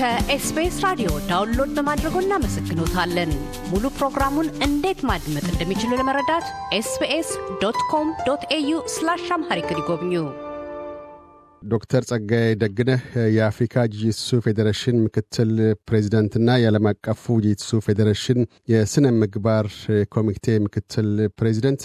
ከኤስቢኤስ ራዲዮ ዳውንሎድ በማድረጎ እናመሰግኖታለን። ሙሉ ፕሮግራሙን እንዴት ማድመጥ እንደሚችሉ ለመረዳት ኤስቢኤስ ዶት ኮም ዶት ኤዩ ስላሽ አምሃሪክ ይጎብኙ። ዶክተር ጸጋይ ደግነህ የአፍሪካ ጂጂትሱ ፌዴሬሽን ምክትል ፕሬዚደንትና የዓለም አቀፉ ጂጂትሱ ፌዴሬሽን የሥነ ምግባር ኮሚቴ ምክትል ፕሬዚደንት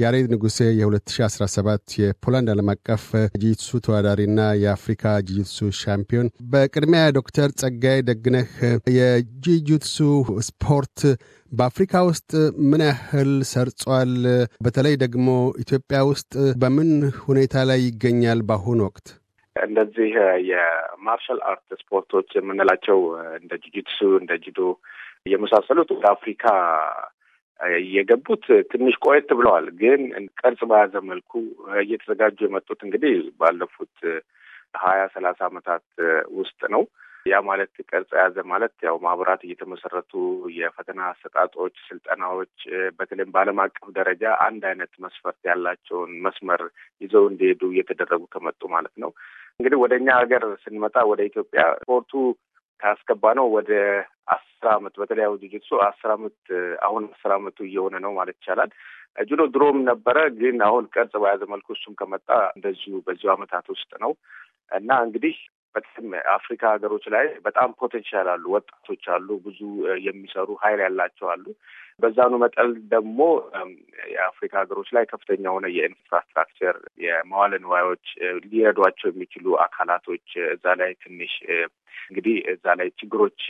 ያሬድ ንጉሴ የ2017 የፖላንድ ዓለም አቀፍ ጂጂትሱ ተወዳዳሪና የአፍሪካ ጅጅትሱ ሻምፒዮን። በቅድሚያ ዶክተር ጸጋይ ደግነህ የጅጅትሱ ስፖርት በአፍሪካ ውስጥ ምን ያህል ሰርጿል? በተለይ ደግሞ ኢትዮጵያ ውስጥ በምን ሁኔታ ላይ ይገኛል በአሁኑ ወቅት? እንደዚህ የማርሻል አርት ስፖርቶች የምንላቸው እንደ ጅጅትሱ እንደ ጂዶ የመሳሰሉት ወደ አፍሪካ የገቡት ትንሽ ቆየት ብለዋል፣ ግን ቅርጽ በያዘ መልኩ እየተዘጋጁ የመጡት እንግዲህ ባለፉት ሀያ ሰላሳ ዓመታት ውስጥ ነው። ያ ማለት ቅርጽ የያዘ ማለት ያው ማህበራት እየተመሰረቱ የፈተና አሰጣጦች፣ ስልጠናዎች በተለይም በዓለም አቀፍ ደረጃ አንድ አይነት መስፈርት ያላቸውን መስመር ይዘው እንዲሄዱ እየተደረጉ ከመጡ ማለት ነው። እንግዲህ ወደ እኛ ሀገር ስንመጣ ወደ ኢትዮጵያ ስፖርቱ ካስገባ ነው ወደ አስር አመት በተለይ ጁጁትሱ አስር አመት አሁን አስር አመቱ እየሆነ ነው ማለት ይቻላል። ጁዶ ድሮም ነበረ፣ ግን አሁን ቅርጽ በያዘ መልኩ እሱም ከመጣ እንደዚሁ በዚሁ አመታት ውስጥ ነው እና እንግዲህ በተለይም አፍሪካ ሀገሮች ላይ በጣም ፖቴንሻል አሉ፣ ወጣቶች አሉ፣ ብዙ የሚሰሩ ሀይል ያላቸው አሉ። በዛኑ መጠን ደግሞ የአፍሪካ ሀገሮች ላይ ከፍተኛ የሆነ የኢንፍራስትራክቸር የመዋለ ንዋዮች ሊረዷቸው የሚችሉ አካላቶች እዛ ላይ ትንሽ እንግዲህ እዛ ላይ ችግሮች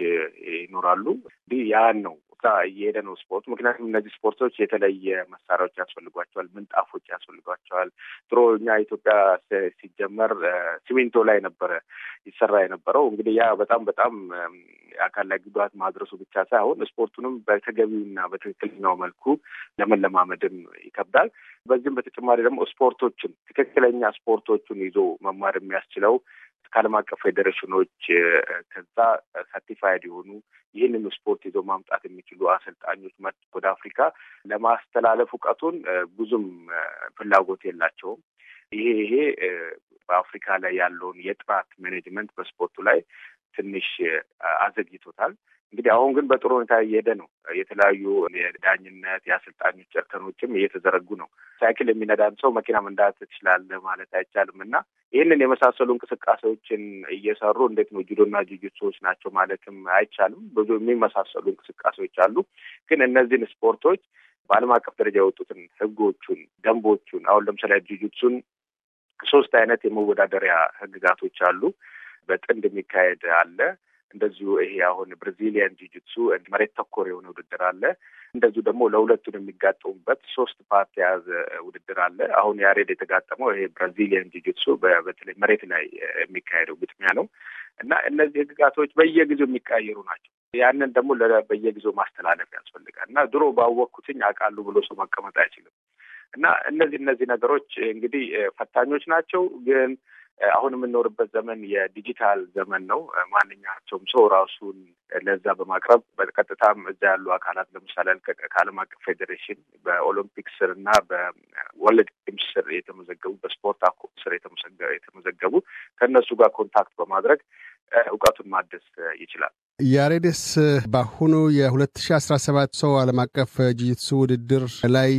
ይኖራሉ። እንግዲህ ያን ነው እየሄደ ነው ስፖርት። ምክንያቱም እነዚህ ስፖርቶች የተለየ መሳሪያዎች ያስፈልጓቸዋል፣ ምንጣፎች ያስፈልጓቸዋል። ድሮ እኛ ኢትዮጵያ ሲጀመር ሲሚንቶ ላይ ነበረ ይሰራ የነበረው። እንግዲህ ያ በጣም በጣም አካል ላይ ጉዳት ማድረሱ ብቻ ሳይሆን ስፖርቱንም በተገቢውና በትክክለኛው መልኩ ለመለማመድም ይከብዳል። በዚህም በተጨማሪ ደግሞ ስፖርቶችን ትክክለኛ ስፖርቶቹን ይዞ መማር የሚያስችለው ከዓለም አቀፍ ፌዴሬሽኖች ከዛ ሰርቲፋይድ የሆኑ ይህንን ስፖርት ይዞ ማምጣት የሚችሉ አሰልጣኞች መጥ ወደ አፍሪካ ለማስተላለፍ እውቀቱን ብዙም ፍላጎት የላቸውም። ይሄ ይሄ በአፍሪካ ላይ ያለውን የጥራት ማኔጅመንት በስፖርቱ ላይ ትንሽ አዘግይቶታል። እንግዲህ አሁን ግን በጥሩ ሁኔታ እየሄደ ነው። የተለያዩ የዳኝነት የአሰልጣኞች ጨርተኖችም እየተዘረጉ ነው። ሳይክል የሚነዳን ሰው መኪና መንዳት ትችላለ ማለት አይቻልም እና ይህንን የመሳሰሉ እንቅስቃሴዎችን እየሰሩ እንዴት ነው ጁዶና ጁጁትሱዎች ናቸው ማለትም አይቻልም። ብዙ የሚመሳሰሉ እንቅስቃሴዎች አሉ። ግን እነዚህን ስፖርቶች በዓለም አቀፍ ደረጃ የወጡትን ህጎቹን፣ ደንቦቹን አሁን ለምሳሌ ጁጁትሱን ሶስት አይነት የመወዳደሪያ ህግጋቶች አሉ። በጥንድ የሚካሄድ አለ። እንደዚሁ ይሄ አሁን ብራዚሊያን ጂጅትሱ መሬት ተኮር የሆነ ውድድር አለ። እንደዚሁ ደግሞ ለሁለቱን የሚጋጠሙበት ሶስት ፓርት የያዘ ውድድር አለ። አሁን ያሬድ የተጋጠመው ይሄ ብራዚሊያን ጂጅትሱ በተለይ መሬት ላይ የሚካሄደው ግጥሚያ ነው እና እነዚህ ህግጋቶች በየጊዜው የሚቀያየሩ ናቸው። ያንን ደግሞ በየጊዜው ማስተላለፍ ያስፈልጋል እና ድሮ ባወቅኩትኝ አውቃለሁ ብሎ ሰው መቀመጥ አይችልም። እና እነዚህ እነዚህ ነገሮች እንግዲህ ፈታኞች ናቸው ግን አሁን የምንኖርበት ዘመን የዲጂታል ዘመን ነው። ማንኛቸውም ሰው ራሱን ለዛ በማቅረብ በቀጥታም እዛ ያሉ አካላት ለምሳሌ ከዓለም አቀፍ ፌዴሬሽን በኦሎምፒክ ስር እና በወርልድ ጌምስ ስር የተመዘገቡ በስፖርት አኮ ስር የተመዘገቡ ከእነሱ ጋር ኮንታክት በማድረግ እውቀቱን ማደስ ይችላል። ያሬድስ በአሁኑ የ2017 ሰው ዓለም አቀፍ ጅጅትሱ ውድድር ላይ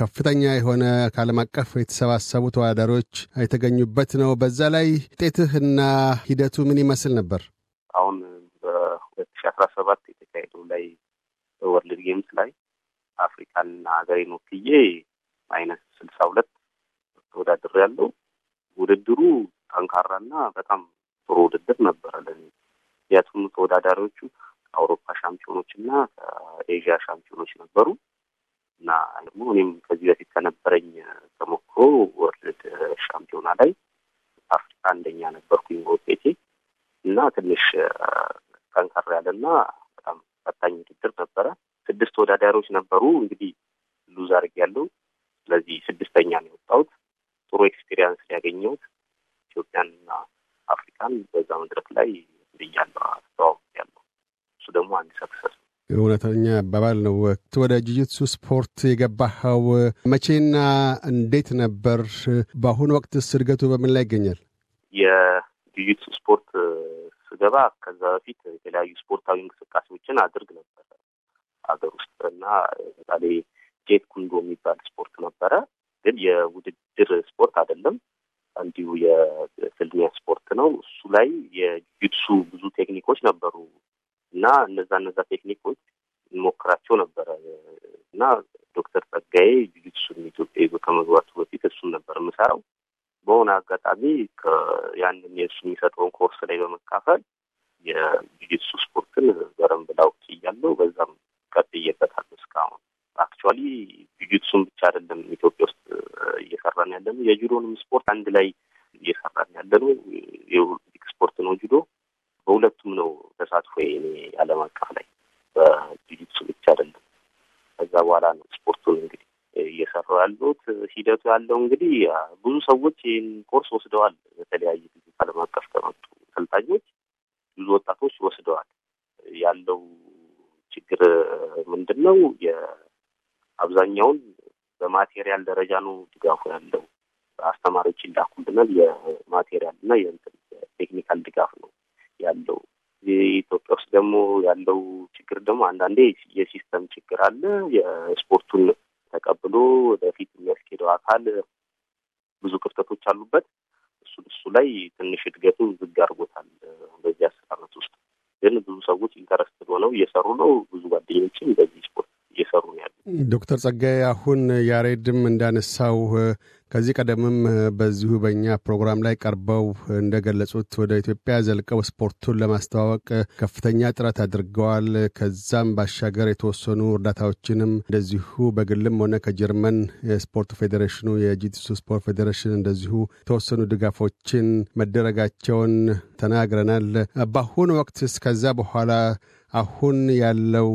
ከፍተኛ የሆነ ከዓለም አቀፍ የተሰባሰቡ ተወዳዳሪዎች የተገኙበት ነው። በዛ ላይ ውጤትህ እና ሂደቱ ምን ይመስል ነበር? አሁን በ2017 የተካሄደው ላይ ወርልድ ጌምስ ላይ አፍሪካና ሀገሬን ወክዬ አይነት ስልሳ ሁለት ተወዳድር ያለው ውድድሩ ጠንካራና በጣም ጥሩ ውድድር ነበረ ለኔ። የቱም ተወዳዳሪዎቹ አውሮፓ ሻምፒዮኖች እና ከኤዥያ ሻምፒዮኖች ነበሩ እና ደግሞ እኔም ከዚህ በፊት ከነበረኝ ተሞክሮ ወርልድ ሻምፒዮና ላይ አፍሪካ አንደኛ ነበርኩኝ በውጤቴ እና ትንሽ ጠንከር ያለና በጣም ፈታኝ ውድድር ነበረ። ስድስት ተወዳዳሪዎች ነበሩ። እንግዲህ ሉዝ ያለው ስለዚህ ስድስተኛ ነው የወጣሁት። ጥሩ ኤክስፒሪያንስ ያገኘሁት ኢትዮጵያንና አፍሪካን በዛ መድረክ ላይ ብያል ደግሞ አንድ እውነተኛ አባባል ነው። ወደ ጅጅትሱ ስፖርት የገባኸው መቼና እንዴት ነበር? በአሁኑ ወቅትስ እድገቱ በምን ላይ ይገኛል? የጅጅትሱ ስፖርት ስገባ ከዛ በፊት የተለያዩ ስፖርታዊ እንቅስቃሴዎችን አድርግ ነበር አገር ውስጥ እና ለምሳሌ ጄት ኩንዶ የሚባል ስፖርት ነበረ፣ ግን የውድድር ስፖርት አይደለም። እንዲሁ የፍልሚያ ስፖርት ነው። እሱ ላይ ጂፕሱ ብዙ ቴክኒኮች ነበሩ እና እነዛ እነዛ ቴክኒኮች እንሞክራቸው ነበረ እና ዶክተር ጸጋዬ ጂፕሱን ኢትዮጵያ ከመግባቱ በፊት እሱን ነበር የምሰራው። በሆነ አጋጣሚ ያንን የእሱ የሚሰጠውን ኮርስ ላይ በመካፈል የጂፕሱ ስፖርትን በረንብ ላውቅ እያለው በዛም ቀጥዬበታለሁ እስካሁን። አክቹዋሊ ጂፕሱን ብቻ አይደለም ኢትዮጵያ ውስጥ እየሰራን ያለ ነው፣ የጁዶንም ስፖርት አንድ ላይ እየሰራን ያለ ነው። በሁለቱም ነው ተሳትፎ እኔ ዓለም አቀፍ ላይ በጁጂትሱ ብቻ አይደለም። ከዛ በኋላ ነው ስፖርቱን እንግዲህ እየሰሩ ያሉት። ሂደቱ ያለው እንግዲህ ብዙ ሰዎች ይህን ኮርስ ወስደዋል። በተለያየ ጊዜ አቀፍ ከመጡ ሰልጣኞች ብዙ ወጣቶች ወስደዋል። ያለው ችግር ምንድን ነው? አብዛኛውን በማቴሪያል ደረጃ ነው ድጋፉ ያለው። አስተማሪዎች ይላኩልናል። የማቴሪያል እና የቴክኒካል ድጋፍ ነው ያለው ኢትዮጵያ ውስጥ ደግሞ ያለው ችግር ደግሞ አንዳንዴ የሲስተም ችግር አለ። የስፖርቱን ተቀብሎ ወደፊት የሚያስኬደው አካል ብዙ ክፍተቶች አሉበት። እሱ እሱ ላይ ትንሽ እድገቱ ዝግ አድርጎታል። በዚህ አስር አመት ውስጥ ግን ብዙ ሰዎች ኢንተረስትድ ሆነው እየሰሩ ነው። ብዙ ጓደኞችም በዚህ ስፖርት እየሰሩ ነው ያሉ ዶክተር ጸጋዬ አሁን ያሬድም እንዳነሳው ከዚህ ቀደምም በዚሁ በእኛ ፕሮግራም ላይ ቀርበው እንደገለጹት ወደ ኢትዮጵያ ዘልቀው ስፖርቱን ለማስተዋወቅ ከፍተኛ ጥረት አድርገዋል። ከዛም ባሻገር የተወሰኑ እርዳታዎችንም እንደዚሁ በግልም ሆነ ከጀርመን የስፖርት ፌዴሬሽኑ የጂቲሱ ስፖርት ፌዴሬሽን እንደዚሁ የተወሰኑ ድጋፎችን መደረጋቸውን ተናግረናል። በአሁኑ ወቅት እስከዛ በኋላ አሁን ያለው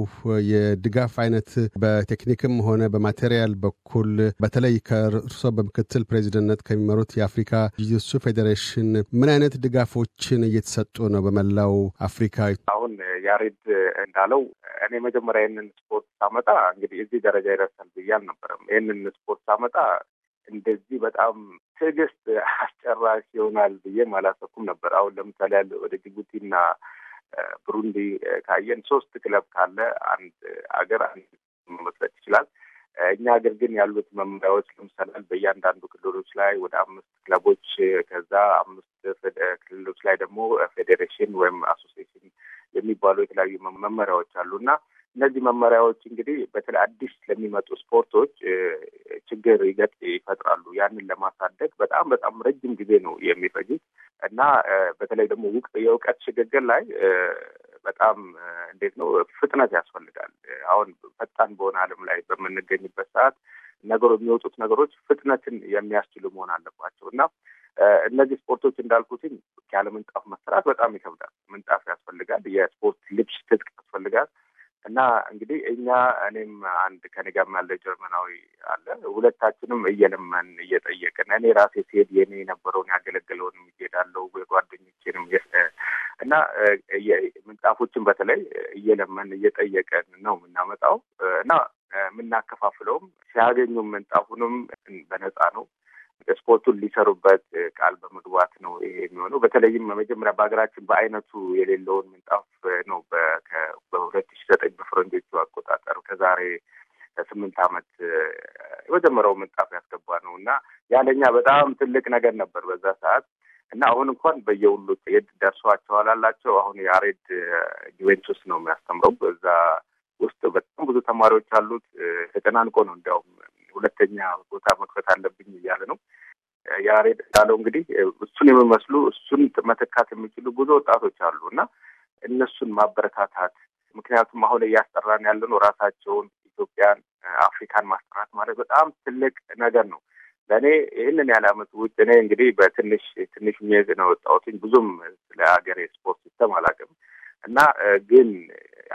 የድጋፍ አይነት በቴክኒክም ሆነ በማቴሪያል በኩል በተለይ ከእርሶ በምክትል ፕሬዚደንትነት ከሚመሩት የአፍሪካ ጂጂትሱ ፌዴሬሽን ምን አይነት ድጋፎችን እየተሰጡ ነው? በመላው አፍሪካ አሁን ያሬድ እንዳለው እኔ መጀመሪያ ይህንን ስፖርት ሳመጣ እንግዲህ እዚህ ደረጃ ይደርሳል ብዬ አልነበረም። ይህንን ስፖርት ሳመጣ እንደዚህ በጣም ትዕግስት አስጨራሽ ይሆናል ብዬም አላሰብኩም ነበር። አሁን ለምሳሌ ያለ ወደ ጅቡቲና ብሩንዲ ካየን ሶስት ክለብ ካለ አንድ አገር አንድ መመስረት ይችላል። እኛ ሀገር ግን ያሉት መመሪያዎች ለምሳሌ በእያንዳንዱ ክልሎች ላይ ወደ አምስት ክለቦች ከዛ አምስት ክልሎች ላይ ደግሞ ፌዴሬሽን ወይም አሶሲሽን የሚባሉ የተለያዩ መመሪያዎች አሉ እና እነዚህ መመሪያዎች እንግዲህ በተለይ አዲስ ለሚመጡ ስፖርቶች ችግር ይገጥ ይፈጥራሉ። ያንን ለማሳደግ በጣም በጣም ረጅም ጊዜ ነው የሚፈጅት። እና በተለይ ደግሞ ውቅ የእውቀት ሽግግር ላይ በጣም እንዴት ነው ፍጥነት ያስፈልጋል። አሁን ፈጣን በሆነ ዓለም ላይ በምንገኝበት ሰዓት ነገሮ የሚወጡት ነገሮች ፍጥነትን የሚያስችሉ መሆን አለባቸው እና እነዚህ ስፖርቶች እንዳልኩትኝ ያለ ምንጣፍ መሰራት በጣም ይከብዳል። ምንጣፍ ያስፈልጋል። የስፖርት ልብስ ትጥቅ እና እንግዲህ እኛ እኔም አንድ ከኔ ጋር ያለ ጀርመናዊ አለ። ሁለታችንም እየለመን እየጠየቅን እኔ ራሴ ሲሄድ የኔ የነበረውን ያገለገለውንም ይሄዳለው የጓደኞቼንም እና ምንጣፎችን በተለይ እየለመን እየጠየቀን ነው የምናመጣው እና የምናከፋፍለውም ሲያገኙም ምንጣፉንም በነፃ ነው ስፖርቱን ሊሰሩበት ቃል በመግባት ነው ይሄ የሚሆነው። በተለይም መጀመሪያ በሀገራችን በአይነቱ የሌለውን ምንጣፍ ነው በሁለት ሺ ዘጠኝ በፈረንጆቹ አቆጣጠር ከዛሬ ስምንት ዓመት የመጀመሪያው ምንጣፍ ያስገባ ነው እና ያለኛ በጣም ትልቅ ነገር ነበር በዛ ሰዓት እና አሁን እንኳን በየሁሉ የድ ደርሷቸዋል አላቸው። አሁን የአሬድ ጁቬንቱስ ነው የሚያስተምረው። በዛ ውስጥ በጣም ብዙ ተማሪዎች አሉት። ተጨናንቆ ነው እንዲያውም ሁለተኛ ቦታ መክፈት አለብኝ እያለ ነው። ያሬድ እንዳለው እንግዲህ እሱን የሚመስሉ እሱን መተካት የሚችሉ ብዙ ወጣቶች አሉ እና እነሱን ማበረታታት ምክንያቱም አሁን እያስጠራን ያለን ራሳቸውን ኢትዮጵያን፣ አፍሪካን ማስጠራት ማለት በጣም ትልቅ ነገር ነው። ለእኔ ይህንን ያለ አመት ውጭ እኔ እንግዲህ በትንሽ ትንሽ ሜዝ ነው ወጣሁትኝ ብዙም ስለ ሀገር የስፖርት ሲስተም አላውቅም እና ግን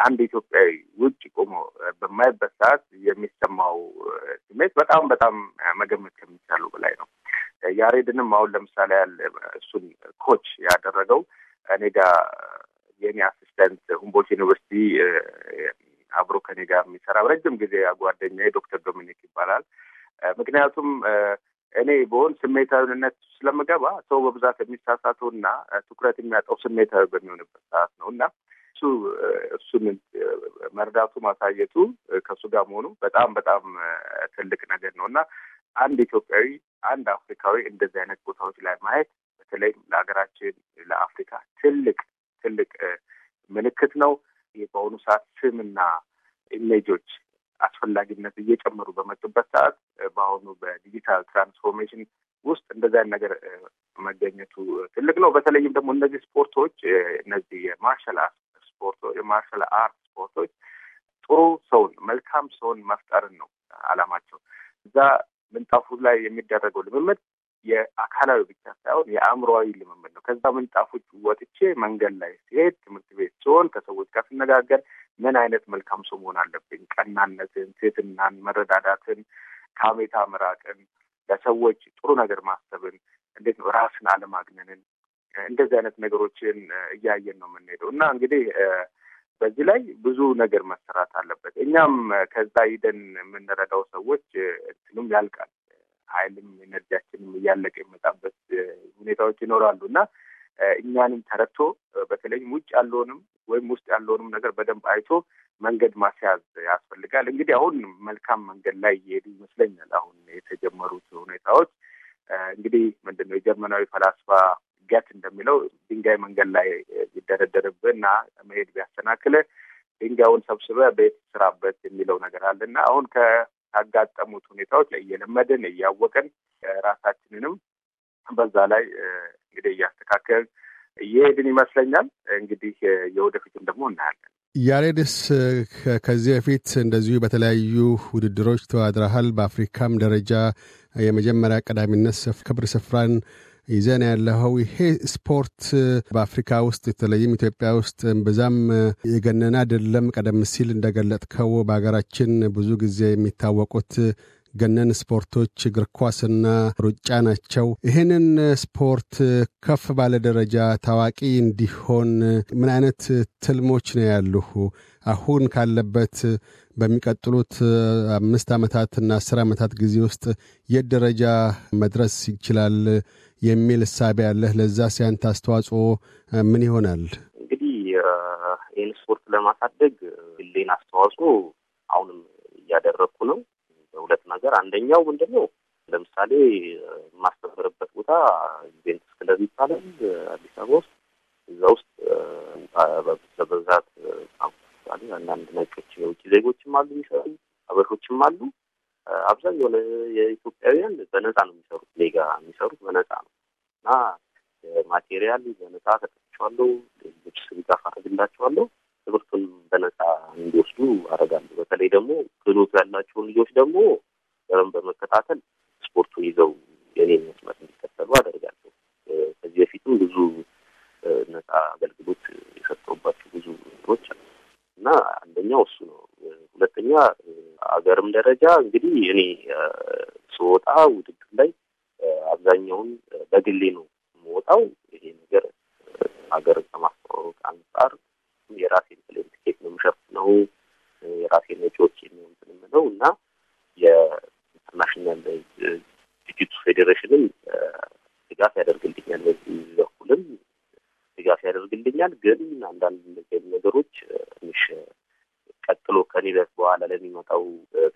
አንድ ኢትዮጵያዊ ውጭ ቆሞ በማይበት ሰዓት የሚሰማው ስሜት በጣም በጣም መገመት ከሚቻሉ በላይ ነው። ያሬድንም አሁን ለምሳሌ ያለ እሱን ኮች ያደረገው እኔ ጋር የእኔ አሲስተንት ሁምቦልት ዩኒቨርሲቲ አብሮ ከኔ ጋር የሚሰራ ረጅም ጊዜ ጓደኛ ዶክተር ዶሚኒክ ይባላል። ምክንያቱም እኔ በሆን ስሜታዊነት ስለምገባ ሰው በብዛት የሚሳሳተው እና ትኩረት የሚያጣው ስሜታዊ በሚሆንበት ሰዓት ነው እና እሱ እሱን መርዳቱ ማሳየቱ ከእሱ ጋር መሆኑ በጣም በጣም ትልቅ ነገር ነው እና አንድ ኢትዮጵያዊ፣ አንድ አፍሪካዊ እንደዚህ አይነት ቦታዎች ላይ ማየት በተለይ ለሀገራችን ለአፍሪካ ትልቅ ትልቅ ምልክት ነው። ይህ በአሁኑ ሰዓት ስምና ኢሜጆች አስፈላጊነት እየጨመሩ በመጡበት ሰዓት በአሁኑ በዲጂታል ትራንስፎርሜሽን ውስጥ አይነት ነገር መገኘቱ ትልቅ ነው። በተለይም ደግሞ እነዚህ ስፖርቶች እነዚህ የማርሻል አርት ስፖርቶች የማርሻል አርት ስፖርቶች ጥሩ ሰውን መልካም ሰውን መፍጠርን ነው አላማቸው። እዛ ምንጣፉ ላይ የሚደረገው ልምምድ የአካላዊ ብቻ ሳይሆን የአእምሮዊ ልምምድ ነው። ከዛ ምንጣፎች ወጥቼ መንገድ ላይ ሲሄድ፣ ትምህርት ቤት ሲሆን፣ ከሰዎች ጋር ስነጋገር ምን አይነት መልካም ሰው መሆን አለብኝ፣ ቀናነትን፣ ትህትናን፣ መረዳዳትን፣ ካሜታ መራቅን፣ ለሰዎች ጥሩ ነገር ማሰብን፣ እንዴት ነው ራስን አለማግነንን፣ እንደዚህ አይነት ነገሮችን እያየን ነው የምንሄደው እና እንግዲህ በዚህ ላይ ብዙ ነገር መሰራት አለበት። እኛም ከዛ ሂደን የምንረዳው ሰዎች እንትኑም ያልቃል፣ ኃይልም ኤነርጂያችንም እያለቀ የመጣበት ሁኔታዎች ይኖራሉ እና እኛንም ተረድቶ በተለይም ውጭ ያለውንም ወይም ውስጥ ያለውንም ነገር በደንብ አይቶ መንገድ ማስያዝ ያስፈልጋል። እንግዲህ አሁን መልካም መንገድ ላይ እየሄዱ ይመስለኛል። አሁን የተጀመሩት ሁኔታዎች እንግዲህ ምንድነው የጀርመናዊ ፈላስፋ ገት እንደሚለው ድንጋይ መንገድ ላይ ቢደረደርብህና መሄድ ቢያሰናክልህ ድንጋዩን ሰብስበ ቤት ስራበት የሚለው ነገር አለና አሁን ካጋጠሙት ሁኔታዎች እየለመድን እያወቅን ራሳችንንም በዛ ላይ እንግዲህ እያስተካከልን እየሄድን ይመስለኛል። እንግዲህ የወደፊትን ደግሞ እናያለን። ያሬድስ ከዚህ በፊት እንደዚሁ በተለያዩ ውድድሮች ተዋድረሃል። በአፍሪካም ደረጃ የመጀመሪያ ቀዳሚነት ክብር ስፍራን ይዘን ያለኸው ይሄ ስፖርት በአፍሪካ ውስጥ በተለይም ኢትዮጵያ ውስጥ ብዛም የገነነ አይደለም። ቀደም ሲል እንደገለጥከው በሀገራችን ብዙ ጊዜ የሚታወቁት ገነን ስፖርቶች እግር ኳስና ሩጫ ናቸው። ይህንን ስፖርት ከፍ ባለ ደረጃ ታዋቂ እንዲሆን ምን አይነት ትልሞች ነው ያሉሁ? አሁን ካለበት በሚቀጥሉት አምስት ዓመታትና አስር ዓመታት ጊዜ ውስጥ የት ደረጃ መድረስ ይችላል? የሚል እሳቢ ያለህ ለዛ ሲያንተ አስተዋጽኦ ምን ይሆናል? እንግዲህ ይህን ስፖርት ለማሳደግ ግሌን አስተዋጽኦ አሁንም እያደረግኩ ነው። በሁለት ነገር አንደኛው ምንድን ነው ለምሳሌ የማስተምርበት ቦታ ኢቬንትስ ክለብ ይባላል አዲስ አበባ ውስጥ። እዛ ውስጥ በብዛት አንዳንድ ነጮች የውጭ ዜጎችም አሉ፣ የሚሰሩ አበሾችም አሉ። አብዛኛው የኢትዮጵያውያን በነፃ ነው የሚሰሩት፣ ሌጋ የሚሰሩት በነፃ ነው እና ማቴሪያል በነፃ ተጠቅቸዋለሁ። ልጆች ድጋፍ አደርግላቸዋለሁ። ትምህርቱን በነፃ እንዲወስዱ አደርጋለሁ። በተለይ ደግሞ ክህሎቱ ያላቸውን ልጆች ደግሞ በረም በመከታተል ስፖርቱን ይዘው የኔ መስመር እንዲከተሉ አደርጋለሁ። ከዚህ በፊትም ብዙ ነፃ አገልግሎት የሰጠውባቸው ብዙ ነገሮች አሉ። እና አንደኛው እሱ ነው። ሁለተኛ አገርም ደረጃ እንግዲህ እኔ ስወጣ ውድድር ላይ አብዛኛውን በግሌ ነው የምወጣው። ይሄ ነገር አገር ከማስተዋወቅ አንጻር የራሴን ፕሌን ትኬት ነው የምሸፍነው፣ የራሴን ወጪዎች የሚሆንትንም ነው እና የኢንተርናሽናል ጅጅቱ ፌዴሬሽንም ድጋፍ ያደርግልኛል፣ በዚህ በኩልም ድጋፍ ያደርግልኛል። ግን አንዳንድ ለሚመጣው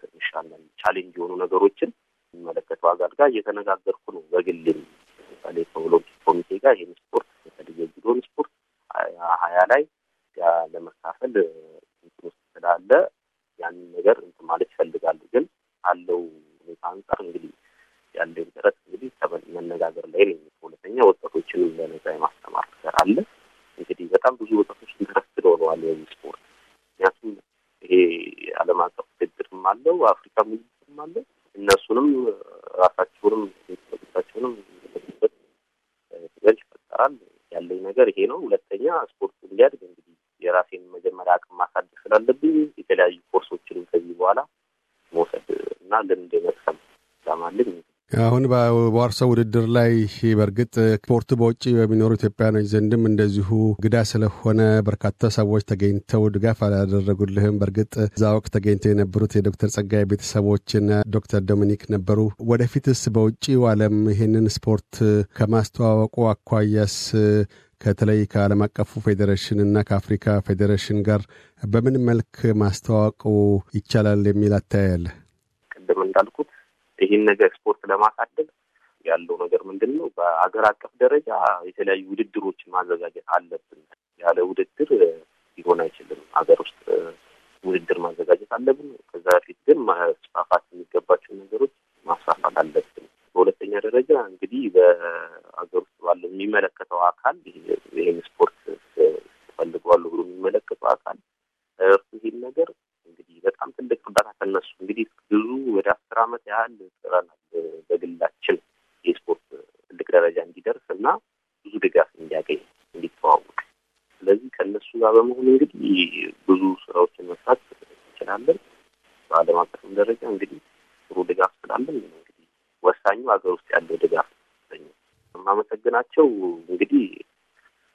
ትንሽ አንዳንድ ቻሌንጅ የሆኑ ነገሮችን የሚመለከተው አካል ጋር እየተነጋገርኩ ነው። በግል ለምሳሌ ከኦሎምፒክ ኮሚቴ ጋር ይህን ስፖርት በተለይ የጁዶን ስፖርት ሀያ ላይ ለመካፈል እንትን ውስጥ ስላለ ያንን ነገር እንትን ማለት ይፈልጋሉ። ግን አለው ሁኔታ አንጻር እንግዲህ ያለኝ ጥረት በዋርሳ ውድድር ላይ በእርግጥ ስፖርቱ በውጭ በሚኖሩ ኢትዮጵያኖች ዘንድም እንደዚሁ ግዳ ስለሆነ በርካታ ሰዎች ተገኝተው ድጋፍ አላደረጉልህም። በእርግጥ እዛ ወቅት ተገኝተው የነበሩት የዶክተር ጸጋይ ቤተሰቦችና ዶክተር ዶሚኒክ ነበሩ። ወደፊትስ በውጭው ዓለም ይህንን ስፖርት ከማስተዋወቁ አኳያስ ከተለይ ከዓለም አቀፉ ፌዴሬሽን እና ከአፍሪካ ፌዴሬሽን ጋር በምን መልክ ማስተዋወቁ ይቻላል የሚል አታያለ ቅድም እንዳልኩት ይህን ነገር ስፖርት ለማሳደግ ያለው ነገር ምንድን ነው? በአገር አቀፍ ደረጃ የተለያዩ ውድድሮችን ማዘጋጀት አለብን። ያለ ውድድር ሊሆን አይችልም። ሀገር ውስጥ ውድድር ማዘጋጀት አለብን። ከዛ በፊት ግን ማስፋፋት የሚገባቸው ነገሮች ማስፋፋት አለብን። በሁለተኛ ደረጃ እንግዲህ በሀገር ውስጥ ባለው የሚመለከተው አካል ይህን ናቸው። እንግዲህ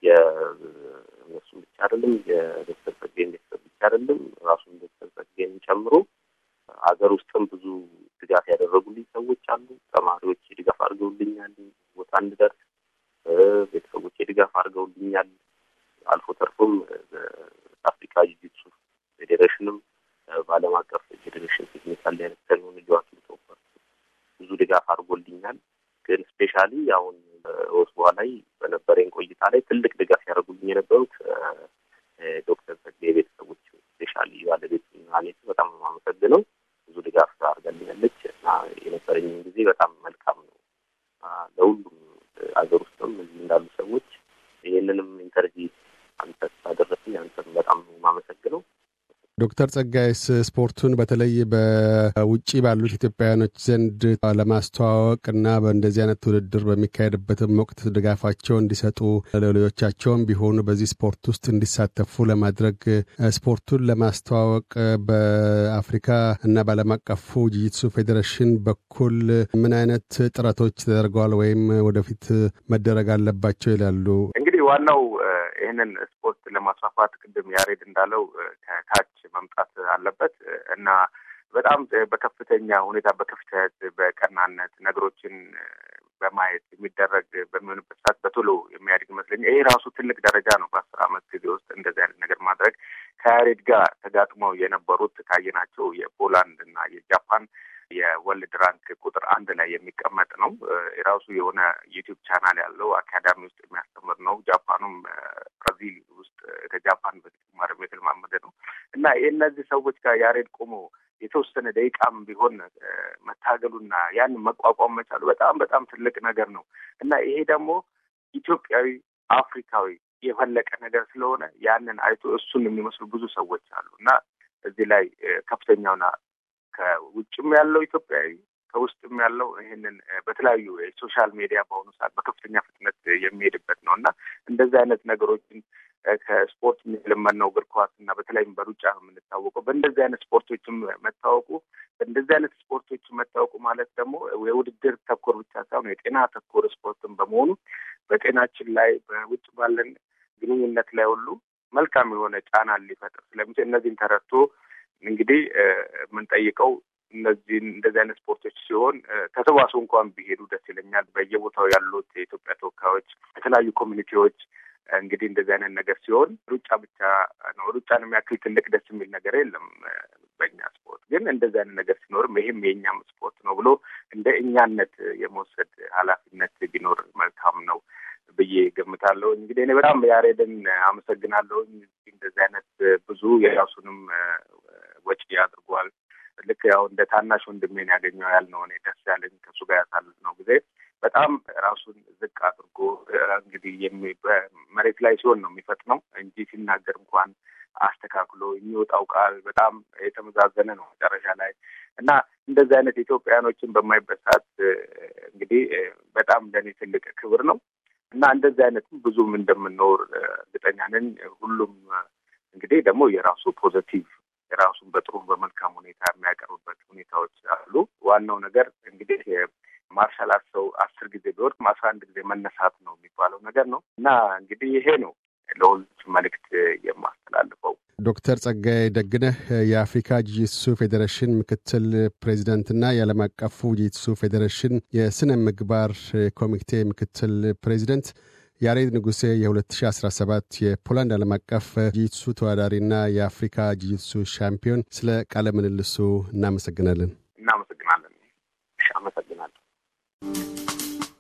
የእነሱም ብቻ አይደለም የዶክተር ጸጌ ቤተሰብ ብቻ አይደለም ራሱን ዶክተር ጸጌን ጨምሮ አገር ውስጥም ብዙ አገር ውስጥም እዚህ እንዳሉ ሰዎች ይህንንም ኢንተርቪ አንተ ስላደረስኝ አንተን በጣም ማመሰግነው ዶክተር ጸጋይስ ስፖርቱን በተለይ በውጭ ባሉት ኢትዮጵያውያኖች ዘንድ ለማስተዋወቅ እና በእንደዚህ አይነት ውድድር በሚካሄድበትም ወቅት ድጋፋቸው እንዲሰጡ ለሌሎቻቸውም ቢሆኑ በዚህ ስፖርት ውስጥ እንዲሳተፉ ለማድረግ ስፖርቱን ለማስተዋወቅ በአፍሪካ እና በዓለም አቀፉ ጅጅትሱ ፌዴሬሽን በኩል ምን አይነት ጥረቶች ተደርገዋል ወይም ወደፊት መደረግ አለባቸው ይላሉ? ዋናው ይህንን ስፖርት ለማስፋፋት ቅድም ያሬድ እንዳለው ከታች መምጣት አለበት እና በጣም በከፍተኛ ሁኔታ በክፍተት በቀናነት ነገሮችን በማየት የሚደረግ በሚሆንበት ሰዓት በቶሎ የሚያድግ ይመስለኛል። ይሄ ራሱ ትልቅ ደረጃ ነው። በአስር አመት ጊዜ ውስጥ እንደዚህ አይነት ነገር ማድረግ ከያሬድ ጋር ተጋጥመው የነበሩት ካየናቸው የፖላንድ እና የጃፓን የወልድ ራንክ ቁጥር አንድ ላይ የሚቀመጥ ነው። የራሱ የሆነ ዩቲዩብ ቻናል ያለው አካዳሚ ውስጥ የሚያስተምር ነው። ጃፓኑም ብራዚል ውስጥ ከጃፓን በተጨማሪ የተለማመደ ነው እና የእነዚህ ሰዎች ጋር ያሬድ ቆሞ የተወሰነ ደቂቃም ቢሆን መታገሉና ያንን መቋቋም መቻሉ በጣም በጣም ትልቅ ነገር ነው እና ይሄ ደግሞ ኢትዮጵያዊ አፍሪካዊ የፈለቀ ነገር ስለሆነ ያንን አይቶ እሱን የሚመስሉ ብዙ ሰዎች አሉ እና እዚህ ላይ ከፍተኛውን ከውጭም ያለው ኢትዮጵያዊ ከውስጥም ያለው ይህንን በተለያዩ የሶሻል ሚዲያ በአሁኑ ሰዓት በከፍተኛ ፍጥነት የሚሄድበት ነው እና እንደዚህ አይነት ነገሮችን ከስፖርት ነው እግር ኳስ እና በተለይም በሩጫ የምንታወቀው በእንደዚህ አይነት ስፖርቶችም መታወቁ በእንደዚህ አይነት ስፖርቶች መታወቁ ማለት ደግሞ የውድድር ተኮር ብቻ ሳይሆን የጤና ተኮር ስፖርትም በመሆኑ በጤናችን ላይ በውጭ ባለን ግንኙነት ላይ ሁሉ መልካም የሆነ ጫና ሊፈጥር ስለሚችል እነዚህን ተረድቶ እንግዲህ የምንጠይቀው እነዚህን እንደዚህ አይነት ስፖርቶች ሲሆን ተሰባስቦ እንኳን ቢሄዱ ደስ ይለኛል። በየቦታው ያሉት የኢትዮጵያ ተወካዮች፣ የተለያዩ ኮሚኒቲዎች እንግዲህ እንደዚህ አይነት ነገር ሲሆን ሩጫ ብቻ ነው። ሩጫን የሚያክል ትልቅ ደስ የሚል ነገር የለም በእኛ ስፖርት። ግን እንደዚህ አይነት ነገር ሲኖርም ይህም የእኛም ስፖርት ነው ብሎ እንደ እኛነት የመውሰድ ኃላፊነት ቢኖር መልካም ነው ብዬ ገምታለሁ። እንግዲህ እኔ በጣም ያሬድን አመሰግናለሁ። እንደዚህ አይነት ብዙ የራሱንም ወጪ አድርጓል። ልክ ያው እንደ ታናሽ ወንድሜን ያገኘው ያልነው እኔ ደስ ያለኝ ከሱ ጋር ያሳለፍነው ጊዜ በጣም ራሱን ዝቅ አድርጎ እንግዲህ መሬት ላይ ሲሆን ነው የሚፈጥነው እንጂ ሲናገር እንኳን አስተካክሎ የሚወጣው ቃል በጣም የተመዛዘነ ነው መጨረሻ ላይ እና እንደዚህ አይነት ኢትዮጵያውያኖችን በማይበት ሰዓት እንግዲህ በጣም ለእኔ ትልቅ ክብር ነው እና እንደዚህ አይነትም ብዙም እንደምንኖር እርግጠኛ ነን። ሁሉም እንግዲህ ደግሞ የራሱ ፖዘቲቭ የራሱን በጥሩ በመልካም ሁኔታ የሚያቀርብበት ሁኔታዎች አሉ። ዋናው ነገር እንግዲህ ማርሻል አርት ሰው አስር ጊዜ ቢወድቅም አስራ አንድ ጊዜ መነሳት ነው የሚባለው ነገር ነው እና እንግዲህ ይሄ ነው ለሁሉም መልእክት የማስተላልፈው። ዶክተር ጸጋዬ ደግነህ የአፍሪካ ጂጂትሱ ፌዴሬሽን ምክትል ፕሬዚዳንትና የዓለም አቀፉ ጂጂትሱ ፌዴሬሽን የስነ ምግባር ኮሚቴ ምክትል ፕሬዚደንት ያሬድ ንጉሴ የ2017 የፖላንድ ዓለም አቀፍ ጂጂትሱ ተወዳዳሪና የአፍሪካ ጂጂትሱ ሻምፒዮን፣ ስለ ቃለ ምልልሱ እናመሰግናለን። እናመሰግናለን። አመሰግናለሁ።